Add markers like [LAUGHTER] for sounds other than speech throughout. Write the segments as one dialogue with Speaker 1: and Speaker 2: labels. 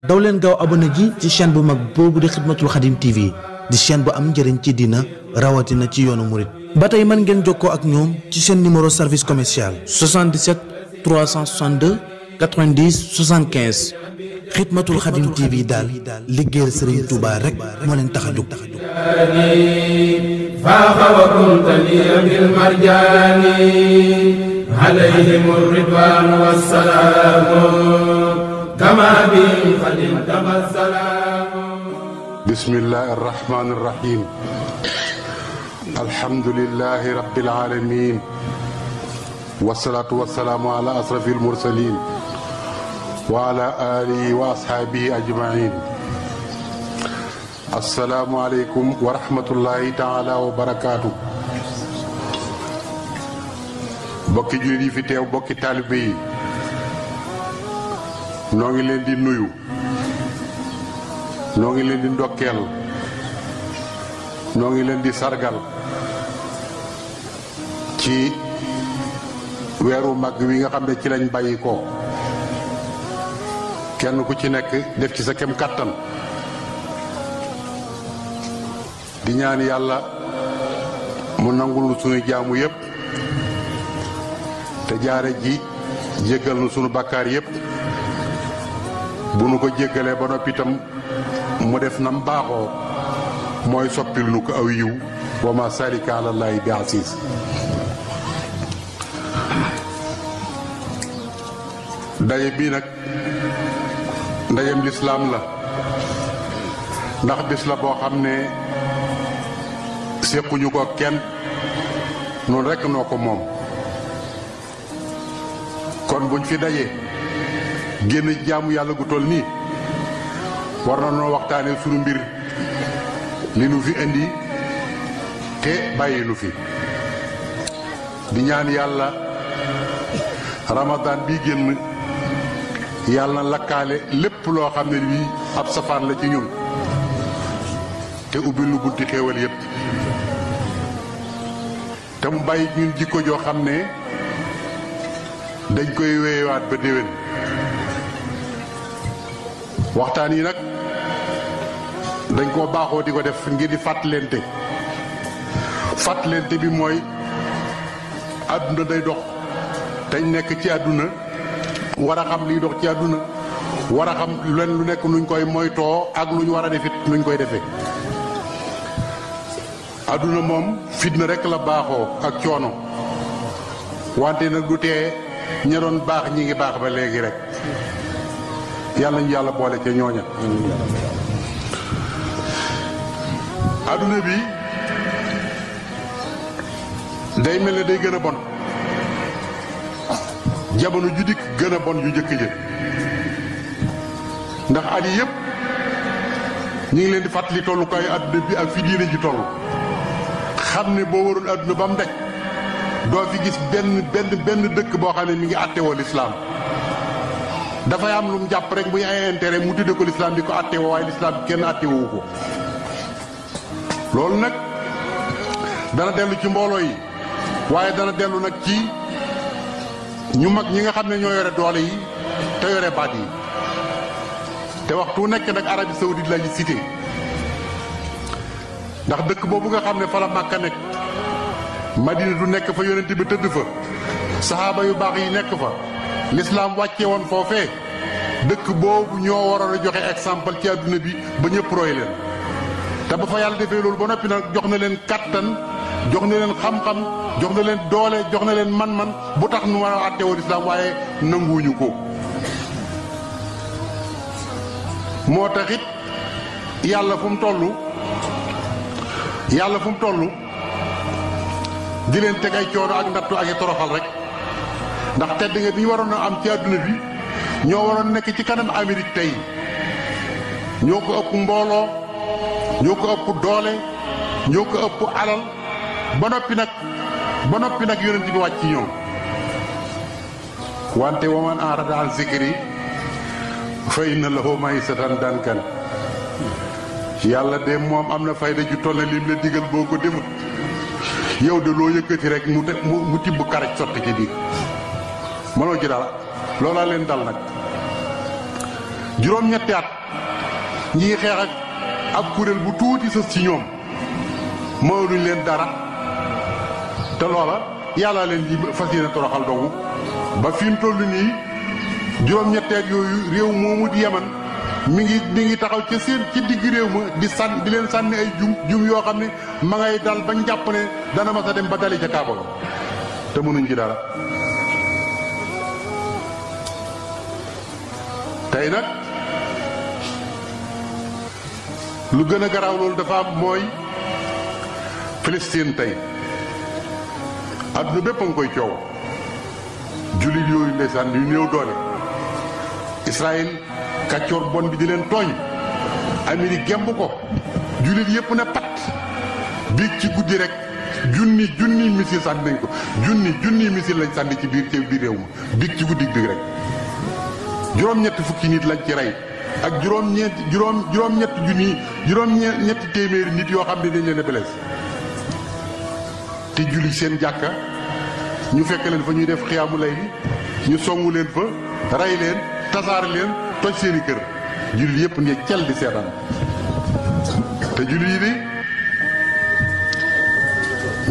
Speaker 1: daw len gaw abonné ji ci chaîne bu mag bobu di khidmatul khadim tv di chaîne bu am njëriñ ci dina na ci yoonu mouride batay man ngeen joko ak ñoom ci chaîne numéro service commercial 77 362 90 75 khidmatul khadim tv dal liggéeyal serigne touba rek moo leen tax a jóg فاخ وكنت bil marjani alayhi الرضوان والسلام كما السلام بسم الله الرحمن الرحيم الحمد لله رب العالمين والصلاة والسلام على أشرف المرسلين وعلى آله وأصحابه أجمعين السلام عليكم ورحمة الله تعالى وبركاته بكي جولي في تيو بكي طالبي noo ngi leen di nuyu noo ngi leen di ndokkeel noo ngi leen di sargal ci weeru màgg wi nga xam ne ci lañ bàyyi ko kenn ku ci nekk def ci sa kem kàttan di ñaan yàlla mu nangul sunu jaamu yépp te jaare ji jéggal nu sunu bakkaar yépp bu nu ko jéggalee ba noppitam mu def nam baaxoo mooy soppil ko aw yiw wa ma salika àlallaahi bi asiis ndaje bii nag ndajem lislaam la ndax bis la boo xam ne séquñu ko kenn noonu rekk noo ko moom kon buñ fi daje génn jaamu yàlla gu toll nii war na noo waxtaanee sunu mbir li nu fi indi te bàyyi nu fi di ñaan yàlla ramadan bi génn yàlla na lakkaale lépp loo xam ne bii ab safaan la ci ñun te ubbi lu bunti xéewal yépp te mu bàyyi ñun jikko joo xam ne dañ koy weyewaat ba déwén waxtaan yi nag dañ koo baaxoo di ko def ngir di fàttalente fàttalente bi mooy àdduna day dox dañ nekk ci àdduna war a xam liy dox ci àdduna war a xam len lu nekk luñ koy moytoo ak lu ñu war a defit nuñ koy defe àdduna moom fitna rekk la baaxoo ak coono wante nag du tee ña baax ñi ngi baax ba léegi rek yalla ñu yalla boole ci ñoña aduna bi day mel ne day gëna bon jabanu judik gëna bon yu jëk jëk ndax ali yi yépp ñi ngi leen di fatali tollu koy aduna bi ak fi diine ji tollu xam bo boo aduna bam dekk do fi gis benn benn benn dëkk boo xam ne mi ngi atté wol islam dafay am lu mu jàpp rek muy ay mu tudde ko lislaam di ko attewoo waaye lislaam kenn attewoo ko loolu nag dana dellu ci mbooloo yi waaye dana dellu nag ci ñu mag ñi nga xam ne ñoo yore doole yi te yore baat yi te waxtu nekk nag Arabie Saoudite la ñu cité ndax dëkk boobu nga xam ne fa la Màkka nekk Madina du nekk fa yonent bi tëdd fa saxaaba yu baax yi nekk fa l'islam wàcce woon foofee dëkk boobu ñoo waroon a joxe exemple ci àdduna bi ba ñëpp roy leen te ba fa yàlla defee loolu ba noppi nag jox na leen kàttan jox na leen xam-xam jox na leen doole jox na leen man-man bu tax nu war a woon islam waaye nanguwuñu ko moo tax it yàlla fu mu toll yàlla fu mu toll di leen teg ay coono ak nattu ak i toroxal rek ndax tedd nga bi ñu waroon a am ci àdduna bi ñoo waroon nekk ci kanam Amérique tey ñoo ko ëpp mbooloo ñoo ko ëpp doole ñoo ko ëpp alal ba noppi nag ba noppi nag yonent bi wàcc ci ñoom wante waman arada an zikri fa inna lahu maisatan dankan yàlla de moom am na fayda ju toll ne lim la digal boo ko demut yow de loo yëkkati rek mu mu tibb karaj sotti ci biir mënoo ci dara loolaa leen dal nag juróom-ñetti at ñi ngi xeex ak ab kuréel bu tuuti sës ci ñoom mënuñ leen dara te loola yàllaa leen di fas yéene toroxal dogu ba fi mu toll nii juróom-ñetteet yooyu réew moomu di yeman mi ngi mi ngi taxaw ca seen ci digg réew ma di sàn di leen sànni ay jum jum yoo xam ne ma ngay dal ba njàpp ne dana mas a dem ba dali ca kaaba te mënuñ ci dara tey nag lu gën a garaaw loolu dafa am mooy Palestine tey àdduna bépp koy coow jullit yooyu ndeysaan yu néew doole Israël kàccoor bon bi di leen tooñ Amérique gemb ko jullit yépp ne pat biig ci guddi rek junni junni missile sànni nañ ko junni junni missile lañ sànni ci biir ci biir réew ma biig ci guddi bi rek juróom-ñetti fukki nit lañ ci rey ak juróom-ñeent juróom juróom-ñetti junni juróom-ñetti téeméeri nit yoo xam ne dañ leen te julli seen jàkka ñu fekk leen fa ñuy def xiyaamu lay ñu songu leen fa rey leen tasaar leen toj seeni kër julli yëpp ne cel di seetaan te julli yi di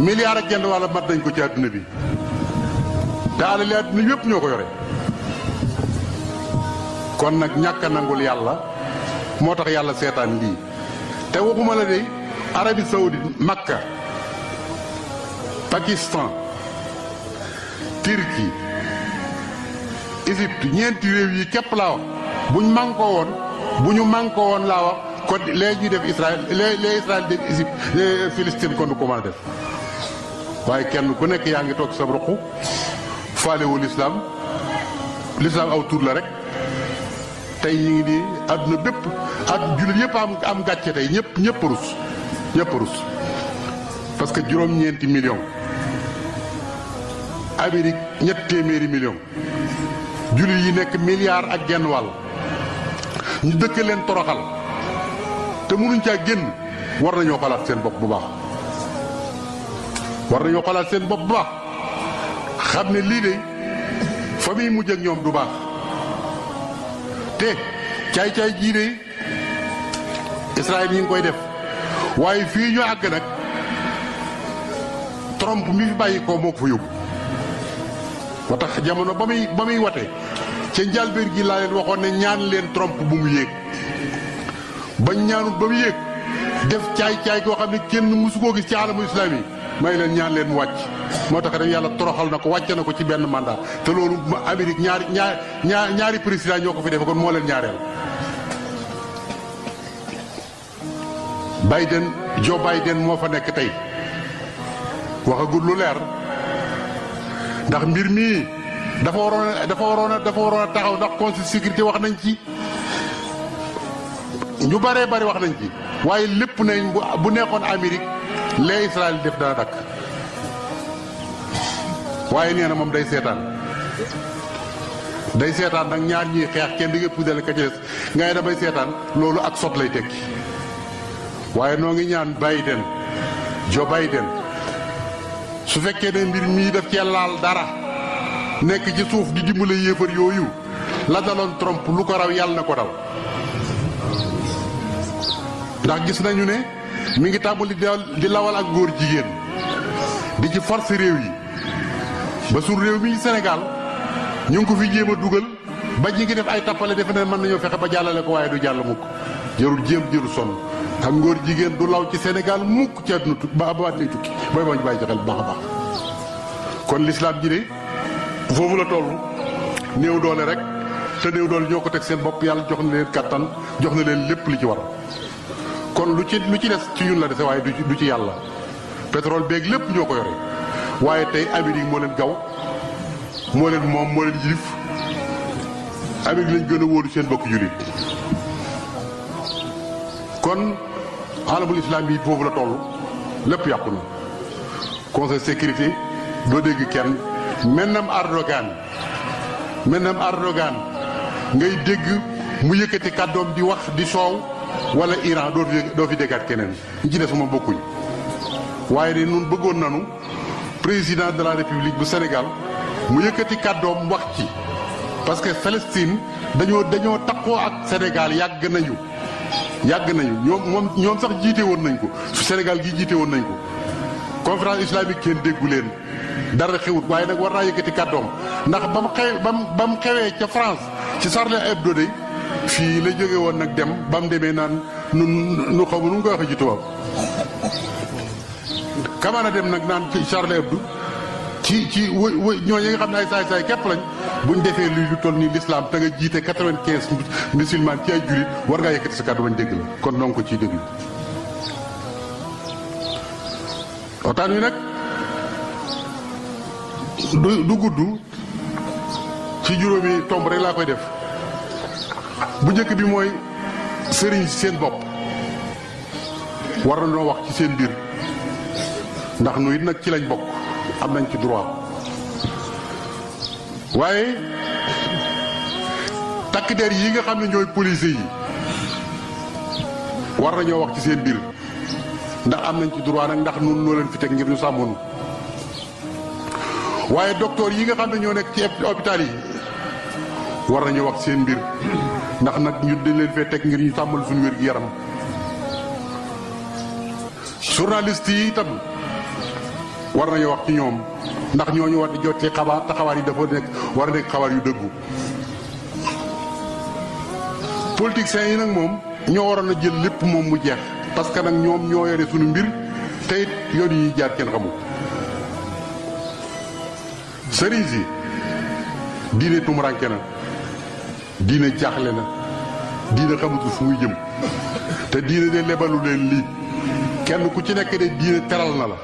Speaker 1: milliard ak genn wàlla mat nañ ko ci àdduna bi te alali àdduna yëpp ñoo ko yore kon nag ñàkka nangul yàlla moo tax yàlla seetaan lii te waxuma la de Arabie Saoudite Makka Pakistan Turquie Égypte ñeenti réew yi képp laa wax bu ñu mànkoo woon bu ñu mànkoo woon laa wax kon lee def Israël lee lee Israël def Égypte kon du ko mën def waaye kenn ku nekk yaa ngi toog sa ruq faale wu lislaam lislaam aw tur la rek tey ñu ngi di àdduna bépp ak jullit yëpp am am gàcce tey ñëpp ñëpp rus ñëpp rus parce que juróom-ñeenti million Amérique ñett téeméeri million jullit yi nekk milliard ak genn wàll ñu dëkk leen toroxal te mënuñ caa génn war nañoo xalaat seen bopp bu baax war nañoo xalaat seen bopp bu baax xam ne lii de fa muy mujj ak ñoom du baax. te caay-caay jii de Israël yi koy def waaye fii ñu àgg nag Trump mi fi bàyyi ko moo fa yóbbu moo tax jamono ba muy ba muy wate ca njàlbéen gi laa leen waxoon ne ñaan leen Trump bu mu yéeg ba ñaanut ba mu yéeg def caay-caay koo xam ne kenn mësu koo gis ci alamu islam yi may leen ñaan leen mu wàcc moo tax rek yàlla toroxal na ko wàcce na ko ci benn mandat te loolu Amérique ñaari ñaari ñaari président ñoo ko fi defe kon moo leen ñaareel. Biden Joe Biden moo fa nekk tey waxagul lu leer ndax mbir mii dafa waroon dafa waroon a dafa waroon a taxaw ndax conseil sécurité wax nañ ci. ñu baree bari wax nañ ci waaye lépp nañ bu nekkoon Amérique lee Israël def dana dakk waye ini mom day seetaan day setan nak ñaar ñi xex kenn di nga ka ci dess ngay da bay seetaan lolu ak sot lay tekki waye no ngi ñaan Biden Joe Biden su fekke ne mbir mi daf ci laal dara nek ci suuf di dimbalé yéefar yoyu la dalon Trump lu ko raw yalla nako ko raw ndax gis nañu ne mi ngi tabul di lawal ak góor jigen di ci force rew yi ba suñu réew mi Sénégal ñu ngi ko fi jéem a dugal ba ñi ngi def ay tappale defe ne mën nañoo fexe ba jàllale ko waaye du jàll mukk jërul jéem jërul sonn ak ngóor jigéen du law ci Sénégal mukk ci àdduna tukki ba ba tukki booy boo ñu bàyyi joxel bu baax a baax kon lislaam ji de foofu la toll néew doole rek te néew dool ñoo ko teg seen bopp yàlla jox na leen kàttan jox na leen lépp li ci war kon lu ci lu ci des ci ñun la dese waaye du ci yàlla pétrole beeg lépp ñoo ko yore waaye tey Amérique moo leen gaw moo leen moom moo leen Amérique lañ gën a wóolu bokk jullit kon islam bi foofu la toll lépp yàqu conseil sécurité doo dégg kenn mennam Erdogan mennam Erdogan ngay dégg mu yëkkati kàddoom di wax di soow wala fi président de la république bu Sénégal mu yëkkati kàddoom wax ci parce que Palestine dañoo dañoo takkoo ak Sénégal yàgg nañu yàgg nañu ñoom moom sax jiite woon nañ ko su Sénégal gi jiite woon nañ ko conférence islamique kenn déggu leen dara xewut waaye nag war naa yëkkati kàddoom ndax ba mu xew ba mu ba xewee ca France ci Charlie Hebdo de fii la jóge woon nag dem ba mu demee naan nu nu xaw ma nu mu koy waxee ci kamana dem nag naan Charlie Hebdo ci ci wë wë ñooñu nga xam ne ay saay-saay képp lañ buñ defee luy lu toll nii l'islam te nga jiite quatre-vingt-quinze musulman ci ay jullit war ngaa yëkkati sa kàddu bañ dégg la kon noo ngi ko ciy nag du gudd ci juróomi tomb rek laa koy def bu njëkk bi mooy sëriñ seen bopp war na noo wax ci seen biir. ndax nuy nak ci lañ bok am nañ ci droit waye tak der yi nga xamni ñoy police yi war nañu wax ci seen bir ndax am nañ ci droit nak ndax nu no leen fi tek ngir ñu sàmmoonu waye docteur yi nga xamni ñoo nek ci hôpital yi war nañu wax seen bir ndax nak ñu dañ leen fi tek ngir ñu tàmmal suñu wër gi yaram journaliste yi tam war nañu wax ci ñoom ndax ñooñu war di jot ci xabaar te xabaar yi dafa nekk war a nekk xabaar yu dëggu. politiciens yi nag moom ñoo waroon a jël lépp moom mu jeex parce que nag ñoom ñoo yore suñu mbir te it yoon yi jaar kenn xamul. sëriñ si diine tumuranke na diine jaaxle na diine xamutu fu muy jëm te diine de lebalu leen lii kenn ku ci nekk de diine teral na la.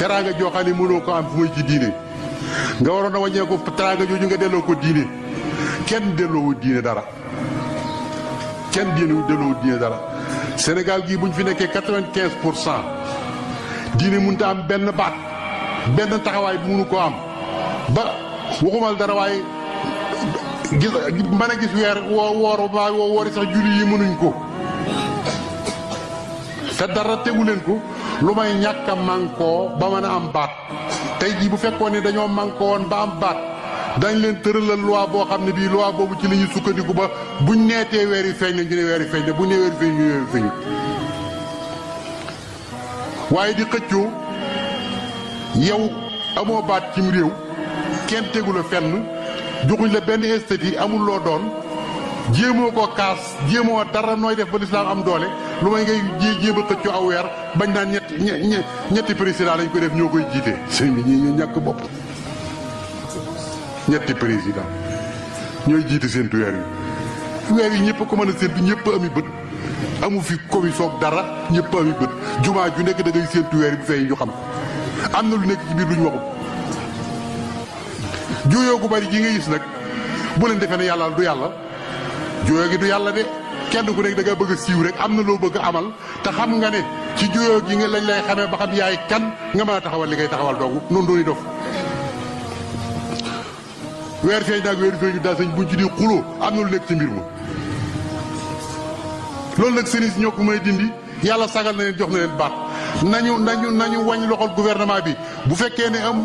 Speaker 1: teranga jo xam ne ko am fu ci diine nga waroon a wàññeeku teraanga jooju nga delloo ko diine kenn wu diine dara kenn diine wu diine dara sénégal gi buñ fi nekké 95 pour mu diine am benn baat benn taxawaay mënu ko am ba waxuma dara way gis mané gis weer wo woor ba wo wori sax julli yi mënuñ ko te dara téwulen ko lu may ñàkk a mànkoo ba mën a am baat tey jii bu fekkoon ni dañoo mànkoo woon ba am baat dañ leen tëralal loi boo xam ne bii loi boobu ci la sukkandiku ba buñ neetee weer yu feeñ ne ñu ne weer yu feeñ ne buñ ñu ne weer yu feeñ waaye di xëccoo yow amoo baat cim réew kenn tegu fenn joxuñ la benn esthétique amul loo doon jéemoo ko kaas jéemoo dara nooy def ba lislaam am doole luma ngay ji jéem a xëccu aw weer bañ naan ñett ñetti président lañ ko def ñoo koy jiite sëñ bi ñi ñu ñàkk bopp ñetti président ñoy jité seentu weer yi weer yi ñëpp ko mëna a séentu ñëpp ami bëtt amu fi commission dara ñëpp ami bëtt juma ju nekk da ngay séentu weer bu fay ñu xam amna lu nekk ci biir luñ waxu juyoo gu bari gi nga gis nak bu len defee ne yàlla du yalla juyoo gi du yalla de kenn ku nek da nga bëgg siiw rek amna lo bëgg amal ta xam nga ne ci juyo gi nga lañ lay xamé ba xam yaay kan nga mën taxawal li ngay taxawal non do ni dof weer feeñ naag weer feeñu da sañ buñ ci di xuloo am lu nek ci mbir mu lool nak sëriñ si ñoo may dindi yalla sagal na leen jox na leen baat nañu nañu nañu wañ loxol gouvernement bi bu fekke ne am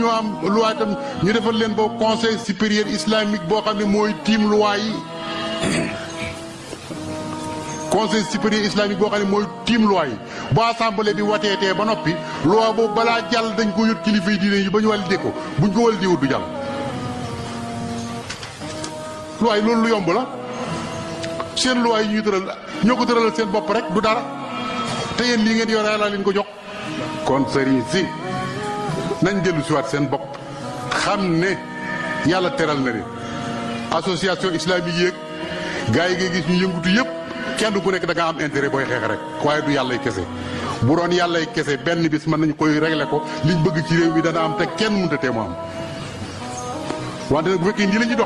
Speaker 1: ñu am loi tam ñu defal leen bo conseil supérieur islamique bo xamni moy tim loi yi conseil supérieur islamique boo xam ne mooy tiim loi yi bu assemblée bi wateetee ba noppi loi boobu balaa jàll dañ ko yót kilifa yi diine yi ba ñu walidee ko buñ ko walidee wut du jàll loi loolu lu yomb la seen loi yi ñuy tëral ñoo ko tëralal seen bopp rek du dara te yéen lii ngeen yore yàlla leen ko jox kon sëriñ si nañ dellu si waat seen bopp xam ne yàlla teral na leen association islamique yeeg gaa yi ngay gis ñu yëngutu yëpp kenn ku nekk dangaa am intérêt booy xeex rek waaye du yàllay kese bu doon yàllay kese benn bis mën nañu koy régler ko liñ bëgg ci réew mi dana am te kenn mënut a mu am. wante nag bu fekkee nii la ñuy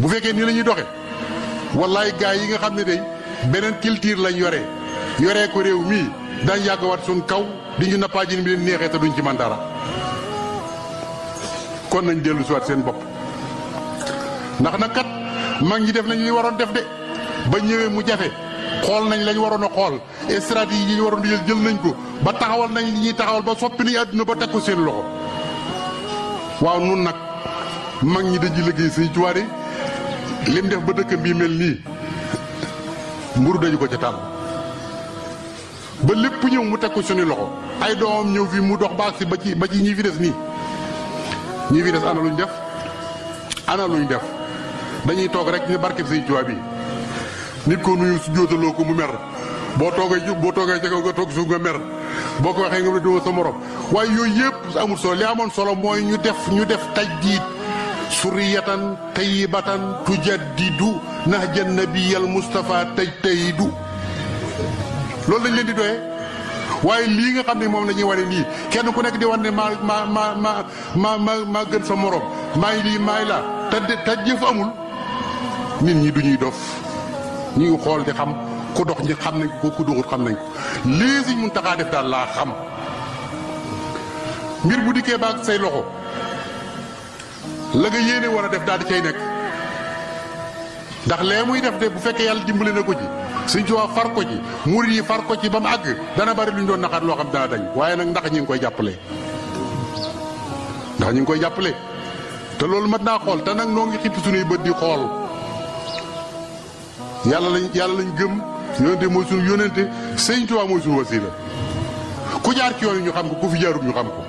Speaker 1: bu fekkee nii lañuy doxe doxee wallaay gars yi nga xam ne day beneen culture lañ yore yoree ko réew mii dañ yàggawaat suñ kaw di ñu nappaajin bi leen neexee te duñ ci man kon nañ dellu siwaat seen bopp ndax nag mag ñi def nañ li waroon def de. ba ñëwee mu jafe xool nañ lañ waroon a xool stratégie yi ñu waroon a jël jël nañ ko ba taxawal nañ li ñuy taxawal ba soppi nañ àdduna ba teg ko seen loxo waaw nun nag mag ñi dañuy liggéey Sëñ Tuubaa yi lim def ba dëkkam bii mel nii mburu dañu ko ca tàll ba lépp ñëw mu teg ko suñu loxo ay doomam ñëw fii mu dox baax si ba ci ba ci ñi fi des nii ñu fi des ana luñ def ana luñ def dañuy toog rek ñu barkeb Sëñ Tuubaa bi nit ko nuyu su jootaloo ko mu mer bo toge ju bo toge ci ko tok su nga mer boko waxe nga do sa morom way yoy yep amul solo li amon solo moy ñu def ñu def tajdiid suriyatan tayyibatan tujaddidu nahjan nabiyal mustafa tajtaydu lolou lañ leen di doye waye li nga xamni mom lañuy wone ni kenn ku nek di wone ma ma ma ma ma ma gën sa morom may li may la te te amul nit ñi du dof ñu ngi xool di xam ku dox njëkk xam nañ ko ku doxut xam nañ ko lii Sëñ taxaa def daal laa xam mbir bu dikkee baag say loxo la nga yéene war a def daal di cay nekk ndax lee muy def de bu fekkee yàlla dimbali na ko ci Sëñ Tuubaa far ko ci murit yi far ko ci ba mu àgg dana bari lu ñu doon naxaat loo xam dana dañ waaye nag ndax ñi ngi koy jàppale ndax ñi ngi koy jàppale te loolu mat naa xool te nag noo ngi xippi suñuy bët di xool yàlla lañ yàlla lañ gëm yónente mooy suñu yónente sëñ Tuubaa mooy suñu wasiila ku jaar ci yoon ñu xam ko ku fi jaarut ñu xam ko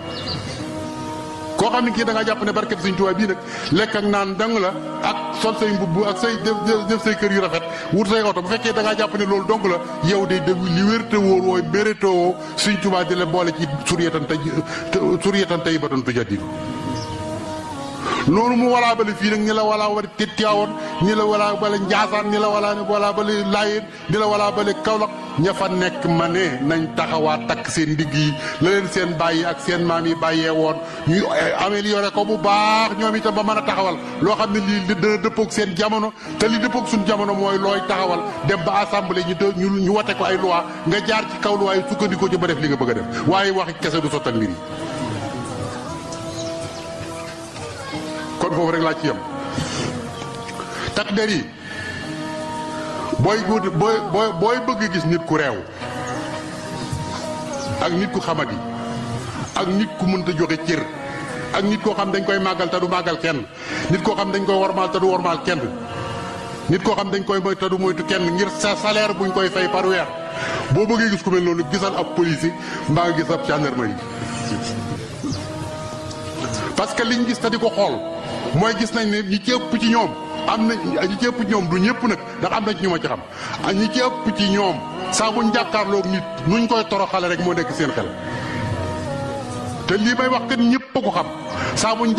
Speaker 1: koo xam ne kii da ngaa jàpp ne barkeb sëñ Tuubaa bii nag lekk ak naan dang la ak sol say mbubb ak say def def say kër yu rafet wut say oto bu fekkee dangaa jàpp ne loolu dong la yow de dégg li wérte wóor wooy mérétoo sëñ Tuubaa di la boole ci suryetan tay suryetan tay batan tu jaddiku noonu mu walaa bale fii nag ñi la walaa bale Tiwaawan ñi la walaa bale Njaasaan ñi la walaa walaa la Laayeen ñi la walaa bale Kawlax ña fa nekk ma ne nañ taxawaat takk seen digg yi la leen seen bàyyi ak seen maam yi bàyyee woon ñu eh, amélioré ko bu baax ñoom itam ba mën a taxawal loo xam ne lii dana dëppoog seen jamono te li dëppoog suñ jamono mooy looy taxawal dem ba assemblée ñu ñu ñu wote ko ay loi nga jaar ci kaw luwaay sukkandiku ci ba def li nga bëgg dem def waaye waxi kese du sottal mbir kon fofu rek la ci yam tak deri boy boy boy boy boy booy bëgg gis nit ku rew ak nit ku xamadi ak nit ku ta joxe cër ak nit ko xam dañ koy magal ta du magal kenn nit ko xam dañ koy wormaal ta du wormaal kenn nit ko xam dañ koy moy ta du moytu kenn ngir sa salaire buñ koy fay par weer bo bëggee gis ku mel nonu gisal ab police mbaa gis ab gendarmerie parce que liñ gis ta diko xol mooy gis nañ ne ñi ci ëpp ci ñoom am na ñi ci ëpp du ñëpp nag ndax am na ci ñu ma ci xam ñi ci ëpp ci ñoom saa buñ nit nuñ koy toroxale rek moo nekk seen xel. te lii may wax kat ñëpp a ko xam saa buñ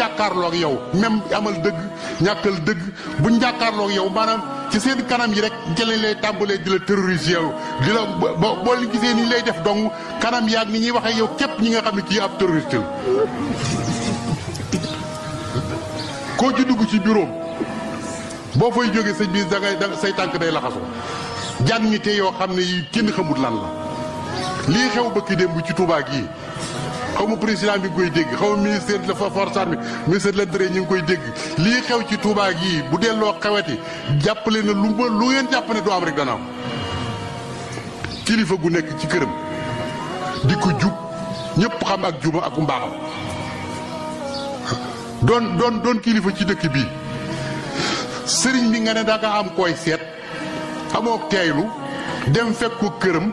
Speaker 1: yow même amal dëgg ñàkkal dëgg buñ jàkkaarloog yow maanaam ci seen kanam yi rek jëlee lay tàmbalee di la terroriser yow di la boo boo gisee ni lay def dong kanam yaag ni ñuy waxee yow képp ñi nga xam ne kii ab terroriste la koo ci dugg ci bureau boo fay jógee sa biir da ngay say tànk day laxasu jànni te yoo xam ne yi kenn xamut lan la lii xew bëkki démb ci tuubaak gii xaw ma président bi ngi koy dégg xaw ministère de la force armée ministère de l'Intérieur ñu ngi koy dégg lii xew ci Touba gii bu delloo xeweti jàppale na lu ma lu ngeen jàpp ne du am rek dana kilifa gu nekk ci këram di ko jub ñëpp xam ak juba ak mbaaxam doon doon doon kilifa ci dëkk bi sëriñ bi nga ne danga am koy seet amoo teeylu dem fekk ko këram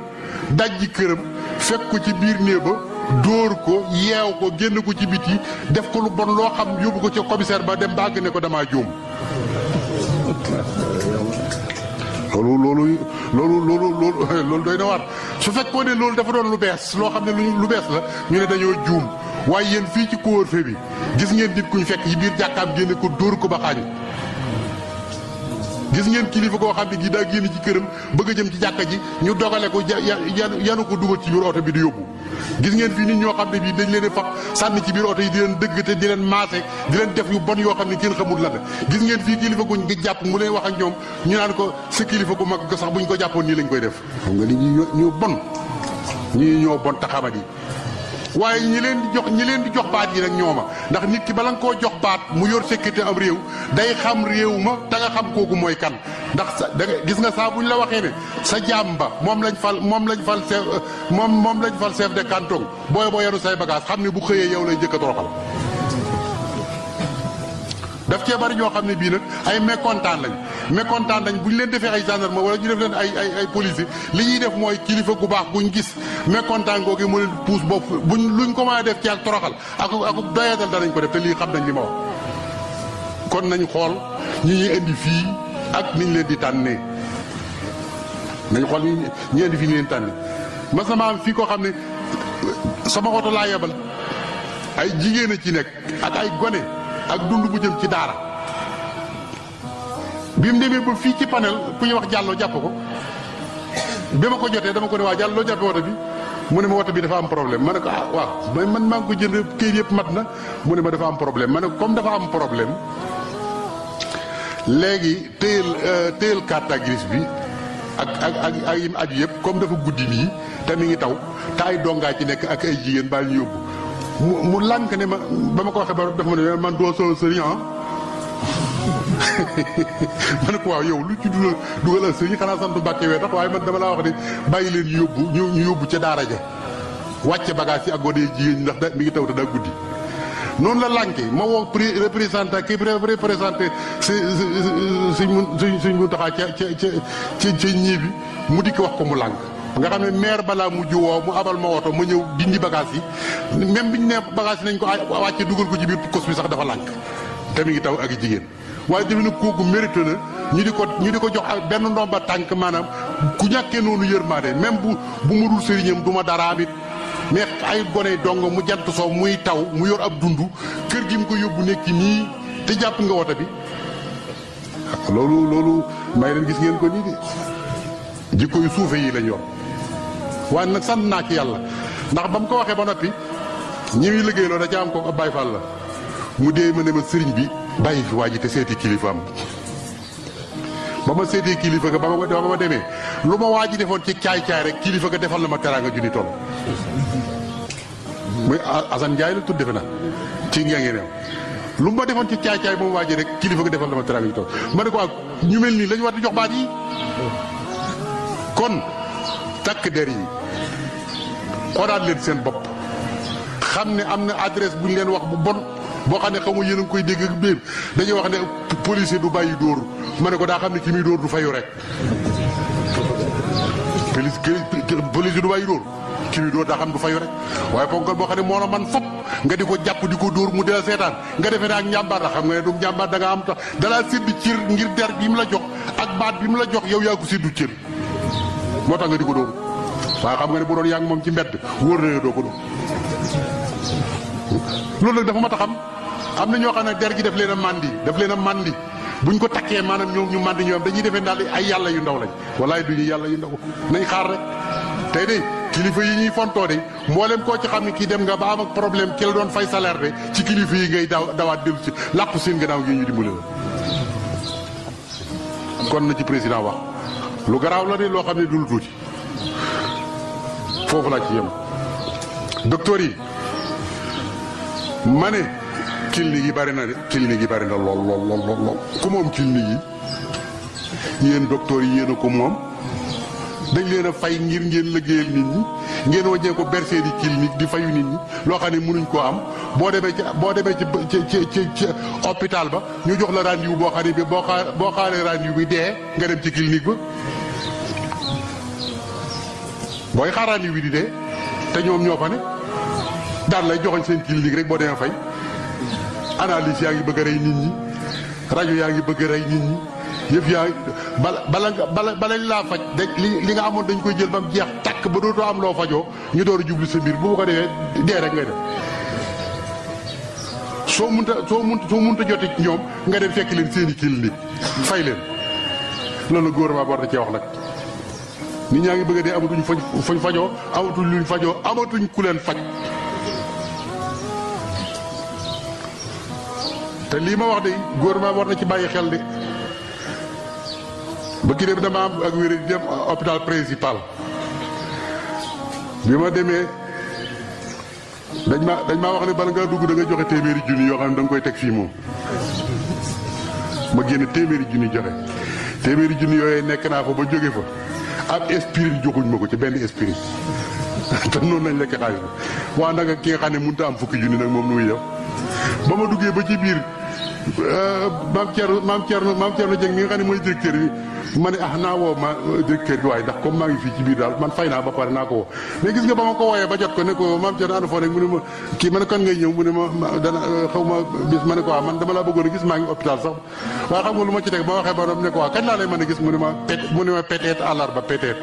Speaker 1: dajji këram fekk ko ci biir néeg ba dóor ko yeew ko génn ko ci biti def ko lu bon loo xam yóbbu ko ca commissaire ba dem ba àgg ne ko damaa juum loolu loolu loolu loolu doy na waar su fekkoo ne loolu dafa doon lu bees loo xam ne lu bees la ñu ne dañoo juum waaye yéen fii ci couvre-feu bi gis ngeen nit kuñ fekk ci biir jàkkaam génne ko dóor ko ba xaañ gis ngeen kilifa koo xam ne gi daa ci këram bëgg jëm ci jàkka ji ñu dogale ko yanu ko dugal ci biir bi di yóbbu gis ngeen fii nit ñoo xam ne bii dañ leen di fab sànni ci biir oto yi di leen dëgg te di leen maase di leen def yu bon yoo xam ne kenn xamul lan gis ngeen fii kilifa guñ ngi jàpp mu leen wax ak ñoom ñu naan ko si kilifa gu mag ko sax buñ ko jàppoon nii lañ koy def xam nga li ñu ñoo bon ñii ñoo bon taxabat yi waaye ñi leen di jox ñi leen di jox baat yi nag ñooma ndax nit ki bala nga koo jox baat mu yor sécurité am réew day xam réew ma da xam kooku mooy kan ndax sa da gis nga saa bu ñu la waxee ne sa ba moom lañ fal moom lañ fal chef moom moom lañ fal chef de canton booy boo yaru say bagage xam ni bu xëyee yow lay jëkk a def cee bari ñoo xam ne bii nag ay mécontent lañ mécontent lañ bu ñu leen defee ay gendarme wala ñu def leen ay ay ay police li ñuy def mooy kilifa gu baax ñu gis mécontent googu mu leen pousse bopp buñ luñ ko mën def ci ak toroxal ak ak doyatal danañ ko def te lii xam nañ li ma wax. kon nañ xool ñi ñuy indi fii ak niñ leen di tànnee nañ xool ñi ñuy indi fii ni leen tànnee mas ma am fii koo xam ne sama oto laa yebal ay jigéen ci nekk ak ay gone. ak dundu bu jëm ci daara bi mu demee ba fii ci panel ku ñu wax jàlloo jàpp ko bi ma ko jotee dama ko ne waa jàlloo jàppe woto bi mu ne ma woto bi dafa am problème ma ne ko ah waaw mais man maa ngi ko jënd këyit yëpp mat na mu ne ma dafa am problème ma ne comme dafa am problème léegi téyel euh, téyel carte gris bi ak ak ak ay aju yëpp comme dafa guddi nii te mi ngi taw te ay dongaa ci nekk ak ay jigéen baal ñu yóbbu mu mu lànk ne ma ba ma ko waxee ba dafa ma ne man doo soo sëriñ ah ma ne ko waaw yow lu ci dugal dugalal sëriñ xanaa sant Mbàkke wee tax waaye man dama laa wax ne bàyyi leen ñu yóbbu ñu ñu yóbbu ca daara ja wàcce bagage yi ak gone yi jigéen ñi ndax da mi ngi taw te daa guddi. noonu la lànkee ma woo pré représentant kii représenté si si si su si si mu taxaa ca ca ca ca ñii bi mu dikk wax ko mu lànk. nga xam maire bala mu juwo mu abal ma woto mu ñew dindi bagage yi même biñ ne bagage nañ ko wacce duggal ko ci biir kos bi sax dafa lank te mi ngi taw ak jigen waaye tamit nag koku mérite na ñu diko ñu jox ben ndomba tank manam ku ñaké nonu yërmaade même bu bu mu dul sëriñam du ma daraam mais ay goné dong mu jant so muy taw mu yor ab dundu kër gi mu ko yobbu nekk ni te japp nga woto bi lolu lolu may len gis ngeen ko ni di jikko yu soufey yi lañ yor waaye nag sant naa ci yàlla ndax ba mu ko waxee ba noppi ñi muy liggéeyloo da ca am ko Baay Faal la mu dee ma ne ma sëriñ bi bàyyi fi waa ji te seeti kilifaam ba ma seetee kilifa ga ba ma ba demee lu ma waa ji defoon ci caay caay rek kilifa ga defal na ma teraanga junni tol muy Assane Ndiaye la tudd defe na ci nga ngi new lu ma defoon ci caay caay moom waa ji rek kilifa ga defal na ma teraanga junni toll ma ne ko ak ñu mel nii lañu war di jox baat takk deri yi leen seen bopp xam ne am na adresse bu ñu leen wax bu bon boo xam ne xamu yéen a ngi koy dégg ak biir dañuy wax ne policier du bàyyi dóor ma ne ko daa xam ne ki muy dóor du fayu rek policier du bàyyi dóor ci muy dóor daa xam du fayu rek waaye ponkal boo xam ne moo la man fop nga di ko jàpp di ko dóor mu dela seetaan nga defee ak njàmbaar la xam nga ne du njàmbaar da nga am da dalaa sédd cër ngir der bi mu la jox ak baat bi mu la jox yow yaa ko séddu cër motax nga diko do wa xam nga ne bu doon yaa mom ci mbedd wor na do ko do loolu dafa mat xam am na der gi def leena mandi def leena mandi buñ ko takke manam ñoom ñu mandi ñoom dañuy defé dal ay yalla yu ndaw lañ wallahi duñu yalla yu ndaw nañ xaar rek tay de kilifa yi ñi fonto de mbolem ko ci xamni ki dem nga ba am ak problème kel doon fay salaire de ci kilifa yi ngay dawaat ci lapp seen gënaaw gi ñu dimbali kon na ci président wax lu garaaw la de loo xam ne du lu tuuti foofu laa ci yem docteur yi ma ne clinique yi bari na de clinique yi bari na lool lool lool ku moom clinique yi yéen docteur yi yéen a ko moom dañ leen a fay ngir ngeen liggéeyal nit ñi. ngeen bercé di clinique di fayu nit ñi lo xam mënuñ ko am bo débé ci boo demee ci ci ci ci hôpital ba ñu jox la rendez-vous boo xam bi bo xaa rendez-vous bi dé nga dem ci clinique ba boy xaar wi di dé té ñom ñoo fa ne daan lay joxoñ seen clinique rek bo demee fay analyse yaangi bëgg ray nit ñi radio yaangi bëgg ray nit ñi yëf yaa bala bala bala balañ laa faj dañ li li nga amoon dañ koy jël bam jeex takk ba dootoo am loo fajoo ñu door a jublu sa mbir bu ko defee dee rek ngay def soo munta soo munta soo munta jote ci ñoom nga dem fekk leen seen i clinique fay leen loolu gouvernement bi war na cee wax nag nit ñaa ngi bëgg a dee amatuñ fañ fañ fajoo amatuñ luñ fajoo amatuñ ku leen faj te lii ma wax de gouvernement war na ci bàyyi xel de ba ki dem dama am ak wéri dem hôpital principal bi ma demee dañ ma dañ maa wax ne bala ngaa dugg da nga joxe téeméeri junni yoo xam ne da koy teg fii moom ma génn téeméeri junni joxe téeméeri junni yooyu nekk naa fa ba jóge fa ab esprit joxuñ ma ko ci benn esprit [LAUGHS] te noonu lañ lekk xaalis ba waa nag ki nga xam ne mun a am fukki junni nag moom nu muy def ba ma duggee ba ci biir. Eh, maam Thierno maam Thierno maam Thierno Dieng mi nga xam ne mooy directeur bi ma ne ah naa woo ma euh, directeur bi waaye ndax comme maa ngi fii ci biir daal man fay naa ba pare naa ko woo mais gis nga ba ma ko wooyee ba jot ko ne ko maam Thierno ànd foo rek mu ne ma kii ma ne kan euh, ne ko ah, man dama laa bëggoon a gis maa ngi hôpital sax xam nga lu ma ci teg ba waxee ba doon ne ko waaw ah, mu ne ma peut mu ne ma peut-être àllarba peut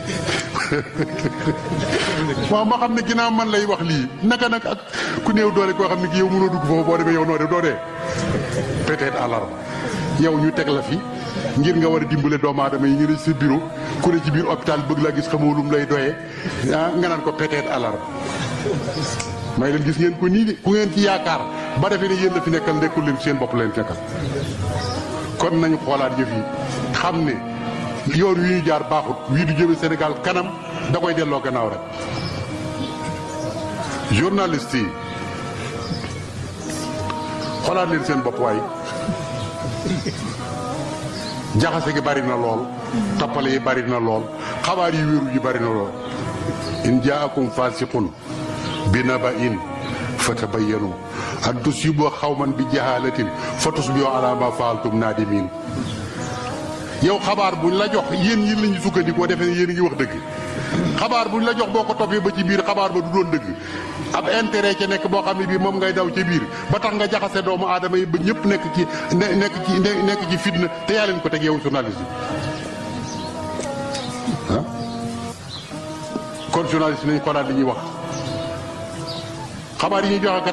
Speaker 1: [LAUGHS] [LAUGHS] waaw ma xam ne ginaa man lay wax lii naka nag ak ku néew doole koo xam ne ki yow mënoo dugg foofu boo demee yow noo def doo dee peut-être alarme yow ñu teg la fi ngir nga war a dimbale doomu adama yi ñu ne si bureau ku ne ci biir hôpital bëgg laa gis xamoo lu lay doyee ah nga naan ko peut-être may leen gis ngeen ko nii de ku ngeen ci yaakaar ba defee ne yéen la fi nekkal nekkul leen seen bopp leen nekkal kon nañu xoolaat yëf yi xam ne. yoon wi ñu jaar baaxut wii du jëme Sénégal kanam da koy delloo gannaaw rek journaliste yi xoolaat leen seen bopp waay jaxase gi bari na lool tappale yi bari na lool xabaar yi wéeru yi bari na lool in jaakum fasiqun bi naba in fatabayyanu an tusibu xawman bi jahalatin fa tusbihu ala ma faaltum naadimin yow xabaar buñ la jox yéen yi lañu sukkandikoo defe ne yéen a ngi wax dëgg xabaar buñ la jox boo ko toppee ba ci biir xabaar ba dëgg ab intérêt ca nekk boo xam bii moom ngay daw ca biir ba tax nga jaxase doomu aadama yi ba nekk ci nekk ci nekk ci fitna te ko teg yow journaliste bi ah kon journaliste nañ ñuy wax xabaar yi ñuy joxe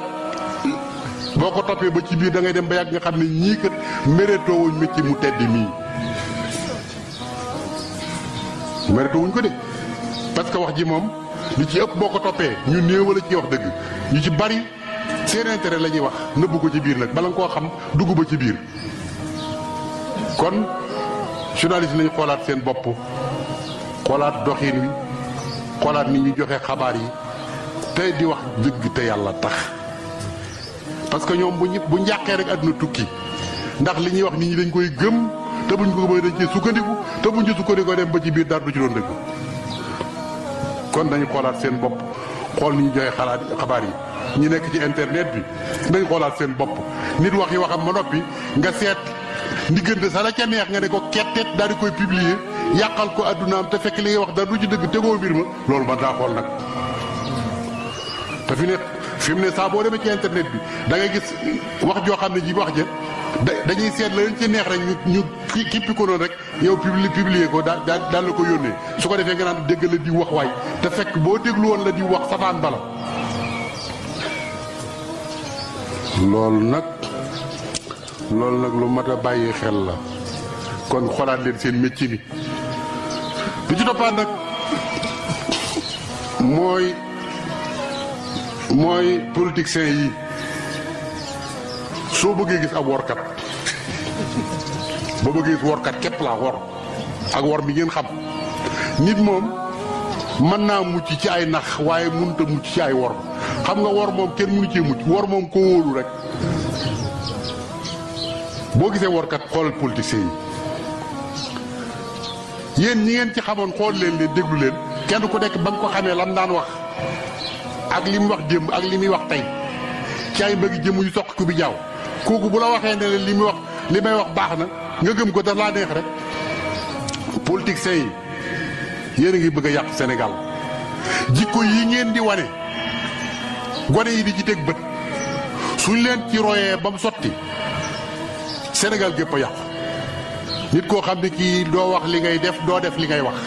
Speaker 1: boo ko toppee ba ci biir da ngay dem ba yàgg nga xam ne ñii kat mérétoo wuñ métier mu tedd mii mérité wuñ ko de parce que wax ji mom ñu ci ëpp boko topé ñu néew ci wax dëgg ñu ci bari seen intérêt lañuy wax nëbbu ko ci biir nak bala nga xam duggu ba ci biir kon journaliste nañ xolaat seen bop xolaat doxine wi xolaat ni ñu joxe xabar yi tey di wax dëgg te yalla tax parce que ñom bu bu njàqee rek aduna tukki ndax li ñuy wax nit ñi dañ koy gëm te buñ ko gëmee dañ ci sukkandiku te buñ ci sukkandikoo dem ba ci biir dara du ci doon dëgg kon nañu xoolaat seen bopp xool ni ñu joxe xalaat xabaar yi ñu nekk ci internet bi nañ xoolaat seen bopp nit wax yi waxam ma noppi nga seet diggante sa la ca neex nga ne ko ketteet daal di koy publier yàqal ko addunaam te fekk li ngay wax dara du ci dëgg tegoo mbir ma loolu man daa xool nag te fi ne fi mu ne saa boo demee ci internet bi da ngay gis wax joo xam ne ji wax ja Dan yon sèd lè yon tè nè rè, yon kipi konon lè, yon publè publè kon, dan lè kon yon lè. Sou kwa te fè gen nan degè lè di wak wè. Te fèk bo te glou an lè di wak, sa fan balan. Lol nèk, lol nèk lò matè bayè chèllè. Kon kwa lè lè lè sè yon meti bi. Petit opan nèk, mwen yon politik sè yi. soo bëggee gis ab workat boo bëggee gis workat képp laa wor ak wor bi ngeen xam nit moom mën naa mucc ci ay nax waaye mënut a mucc ci ay wor xam nga wor moom kenn mënu cee mucc wor moom ko wóolu rek boo gisee workat xoolal politiciens yi yéen ñi ngeen ci xamoon xool leen leen déglu leen kenn ku nekk ba nga ko xamee lam daan wax ak li muy wax démb ak li muy wax tey ci ay mbëgg jëm yu soq ku bi jaaw kooku bu la waxee ne li muy wax li may wax baax na nga gëm ko daf laa neex rek politiciens yi yéen a ngi bëgg a yàq Sénégal jikko yi ngeen di wane gone yi di ci teg bët suñ leen ci royee ba mu Sénégal gëpp a nit koo xam ne kii wax li ngay def doo def li ngay wax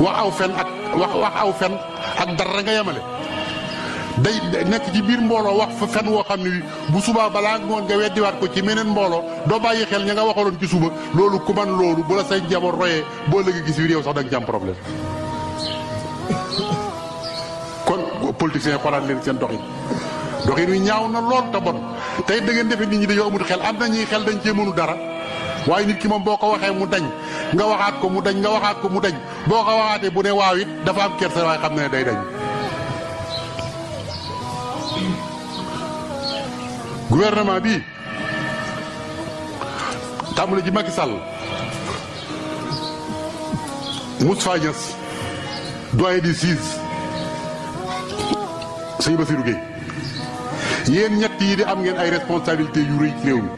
Speaker 1: wax aw fen ak wax wax aw fen ak dara nga yemale day nek ci bir mbolo wax fa fen wo xamni ne wi bu subaa balaa ngoon nga weddiwaat ko ci menen mbolo do baye xel ña nga waxaloon ci suba loolu ku man loolu bu la say jabo royee bo lëgg gis wi rew sax da nga problème [LAUGHS] kon politicien xolal leen sen doxin doxin wi ñaaw na lool ta bon tay da ngeen defe nit ñi dañoo amul xel am na ñuy xel dañ ci mënu dara waye nit ki mom boko waxe mu dañ nga waxat ko mu dañ nga waxat ko mu dañ boko waxate bu ne waawit dafa am kër sa way xamne day dañ gouvernement bi tàmbali ji Macky Sall Moustapha Niass doyen di siis sëñ Bassirou Gueye yéen ñett yi di am ngeen ay responsabilité yu rëy ci réew mi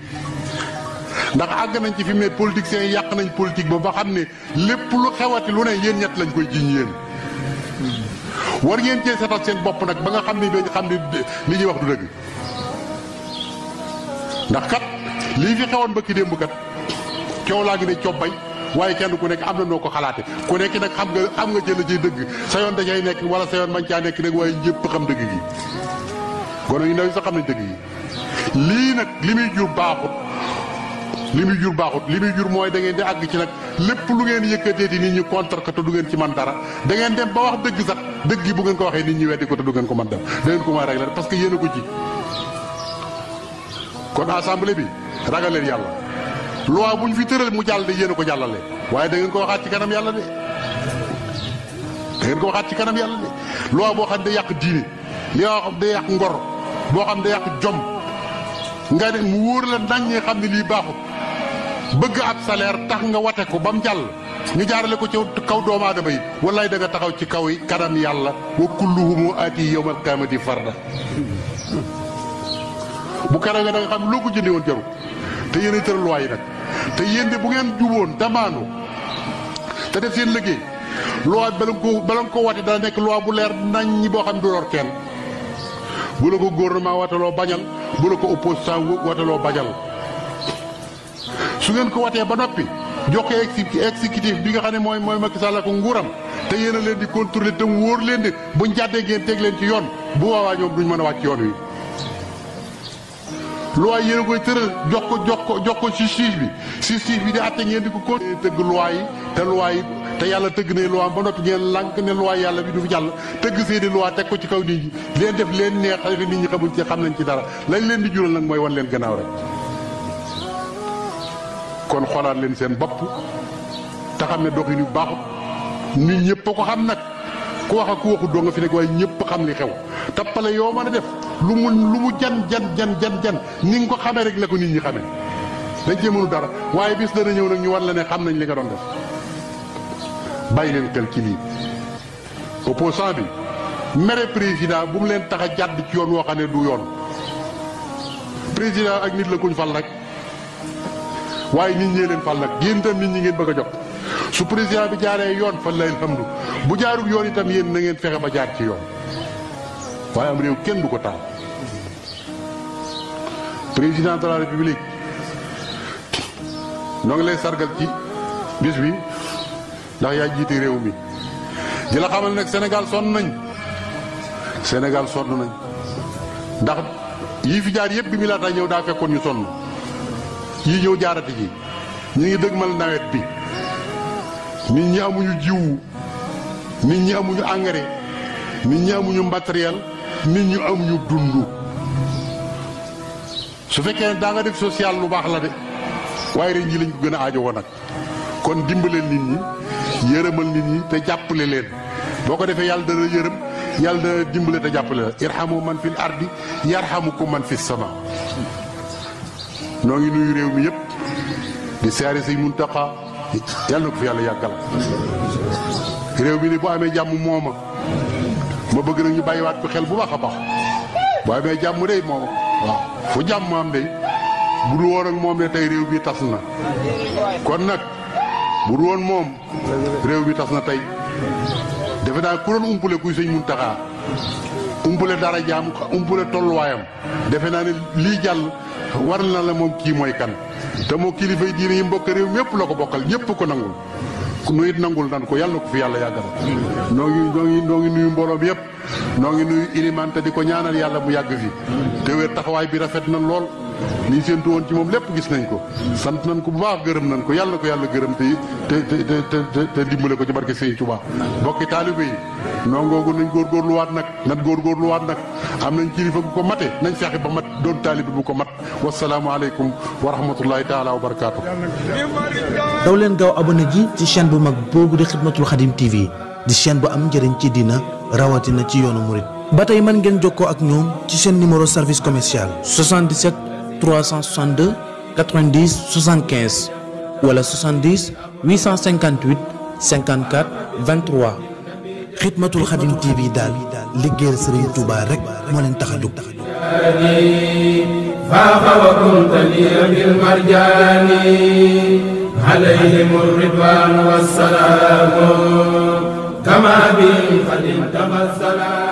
Speaker 1: ndax àgg nañ ci fi mu ne politiciens yi yàq nañ politique ba ba xam ne lépp lu xewati lu ne yéen ñett lañ koy jiñ yéen war ngeen cee setal seen bopp nag ba nga xam ne dañ xam ne li ñuy wax du dëgg ndax kat lii fi xewoon bëkki démb kat coow laa ngi ne cobbay waaye kenn ku nekk am na noo ko xalaate ku nekk nag xam nga am jël ci dëgg sa yoon da cay nekk wala sa yoon man caa nekk nag waaye ñëpp xam dëgg gi gone yu ndaw yi sax gi lii nag li muy jur baaxut li muy jur baaxut mooy da di àgg ci nag lépp lu ngeen yëkkatee di nit ñi contre ko te du ngeen ci man dara da ngeen dem ba wax dëgg sax dëgg bu ngeen ko waxee nit ñi weddi ko te du ngeen ko man dem da ngeen ko mën a régler parce que yéen a kon assemblée bi ragal len yalla loi buñ fi tëral mu jall de yéen a ko jàllale waaye da ngeen ko waxat ci kanam yalla de da ngeen ko waxat ci kanam yalla de loi bo xam de yak yàq diine li wax de yak ngor bo xam de yak jom nga ne mu woor la dañ ñi xam ni li baxu bëgg ab salaire tax nga waté ko bam jall ñu jaarale ko ci kaw dooma da bay wallahi da nga taxaw ci kaw yi kanam yalla wa kulluhum yawmal farda bu karaga da nga xam loo ko jëndee won jaru te yéen a loi nak nag te yéen de bu ngeen juboon damaanu te def seen liggéey loi balang ko balang ko wati da nek loi bu leer nañ ni bo xam du lor kenn bu la ko gouvernement wataloo bañal bu la ko opposant wataloo bañal su ngeen ko waté ba nopi jox ko exécutif bi nga xam ne moy mooy Macky Sall ko nguuram te yéen leen di contrôler te woor leen ne bu ñadé jàddee ngeen teg leen ci yoon bu wawa ñom duñ mëna wacc yoon wi loi yéen a koy tëral jox ko jox ko jox ko justice bi justice bi di àtte ngeen di ko ko teug loi yi te loi yi te yalla teug ne loi ba noppi ngeen lank ne loi yalla bi du fi teug tëgg di loi tek ko ci kaw nit ñi leen def leen neex ak nit ñi xamuñ ci xam nañ ci dara lañ leen di jural nak moy won leen gannaaw rek kon xolaat leen seen bop te xam ne doxin yu nit ñepp ko xam nak ku wax ak ku waxut do nga fi nek way ñepp xam li xew ta pala yo def lu mu lu mu jan jan jan jan jan ni nga ko xamee rek la ko nit ñi xamee dañ cee mënu dara waaye bis dana ñëw nag ñu wan la ne xam nañ li nga doon def bàyyi leen xel ci lii opposant bi mere président bu mu leen tax a jàdd ci yoon woo xam ne du yoon président ak nit la kuñ fal rek waaye nit ñee leen fal nag yéen itam nit ñi ngeen bëgg a jox su président bi jaaree yoon fa la alhamdu bu jaarul yoon itam yéen na ngeen fexe ba jaar ci yoon waaye am réew kenn du ko taal président de la république ñoo ngi lay sargal ci bis bi ndax yaa jiite réew mi di la xamal nag Sénégal sonn nañ Sénégal sonn nañ ndax yii fi jaar yëpp bi mi laata ñëw daa fekkoon ñu sonn yii ñëw jaarati ji ñu ngi dëgmal nawet bi nit ñi amuñu jiwu nit ñi amuñu engrais nit ñi amuñu matériel nit ñu am ñu dund su fekkee ne daa nga def social lu baax la de waaye ren ji lañ gën a aajowoo nag kon dimbaleel nit ñi yërëmal nit ñi te jàppale leen boo ko defee yàlla dana yërëm yàlla dana dimbale te jàppale la irhamu man fil ardi ko man fis sama noo ngi nuyu réew mi yépp di siyaare sëñ Muntaxa yàlla na ko fi yàlla yàggal réew mi ni bu amee jàmm mooma ma bëgg nag ñu bàyyiwaat ko xel bu baax a baax waaye mais jàmm day moom fu jàmm am day bu dul woon ak moom ne tey réew bi tas na kon nag bu dul woon moom réew bi tas na tey defe naa ku doon umpale kuy sëñ Muntaxa umpale dara jaam umpale tolluwaayam defe naa ne lii jàll war na la moom kii mooy kan te moo kilifa yi diine yi mbokk réew mi yëpp la ko bokkal ñëpp ko nangul nu it nangul nan ko yàlla na ko fi yàlla yàggal noo ngi noo ngi noo ngi nuyu mbooloom yëpp noo ngi nuyu ilimante di ko ñaanal yàlla mu yàgg fi te taxawaay bi rafet na lool liñ séentu woon ci moom lépp gis nañ ko sant nañ ko bu baax gërëm nañ ko yàlla ko yàlla gërëm te te te te te dimbale ko ci barke Sëñ Tuubaa bokki taalibe yi nongoogu nañ waat nag nag góorgóorluwaat nag am nañ kilifa bu ko mate nañ fexe ba mat doon taalibe bu ko mat wasalaamualeykum wa rahmatullahi taala wa barakaatu. daw leen gaaw abonné ji ci chaîne bu mag boobu di Xidmatul Xadim TV di chaîne bu am njëriñ ci dina rawatina ci yoonu murit ba tey mën ngeen jokkoo ak ñoom ci seen numéro service commercial 362 90 75 wala 70 858 54 23 xidmatul Khadim TV Dal, Liguel Serigne Touba rek moo leen tax a